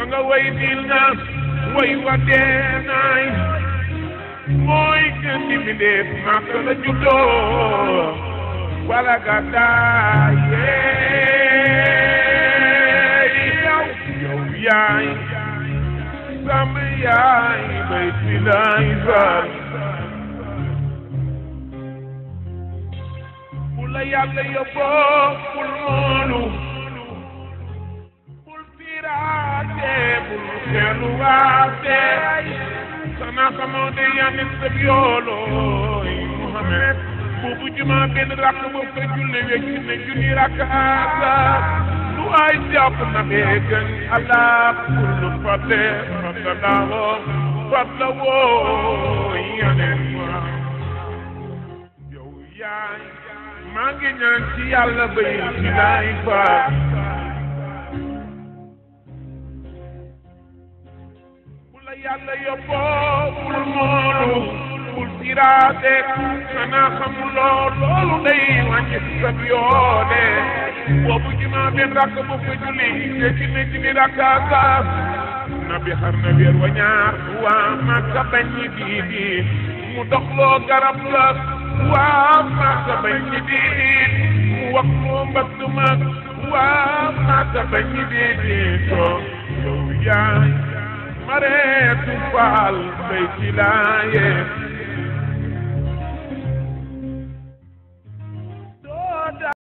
ka nga way niil nga way wa deenaay mooy gën di mbindeef màkk la juddoo wala gàddaay yow yow yaay sama yaay bay si laay baay bu la yàlla yóbboo bul moolu xanaa xamoo ne yàlla na sëb yooloo yi Muhammad boobu jumaa benn rakk ba fa julle wecc na junni rakk aasa lu ay jàpp na bee gën ala kullu fadle fadla woo fadla woo maa ngi ñaan ci yàlla bay ci laay fa la yàlla yóbboo bul moolu bul siraate xanaa xamuloo loolu day wàññi sab yoone boobu jumaa benn rakk bu ko julli te ci ne ci ni rakkaaka nabi xar na weer wa ñaar waa Makka bañ ñi diidi mu doxloo garab la waa Makka bañ ñi diidi mu wax moo mbatt mag waa Makka bañ ñi diidi to yow yaay mareetu faal bay ci laayeen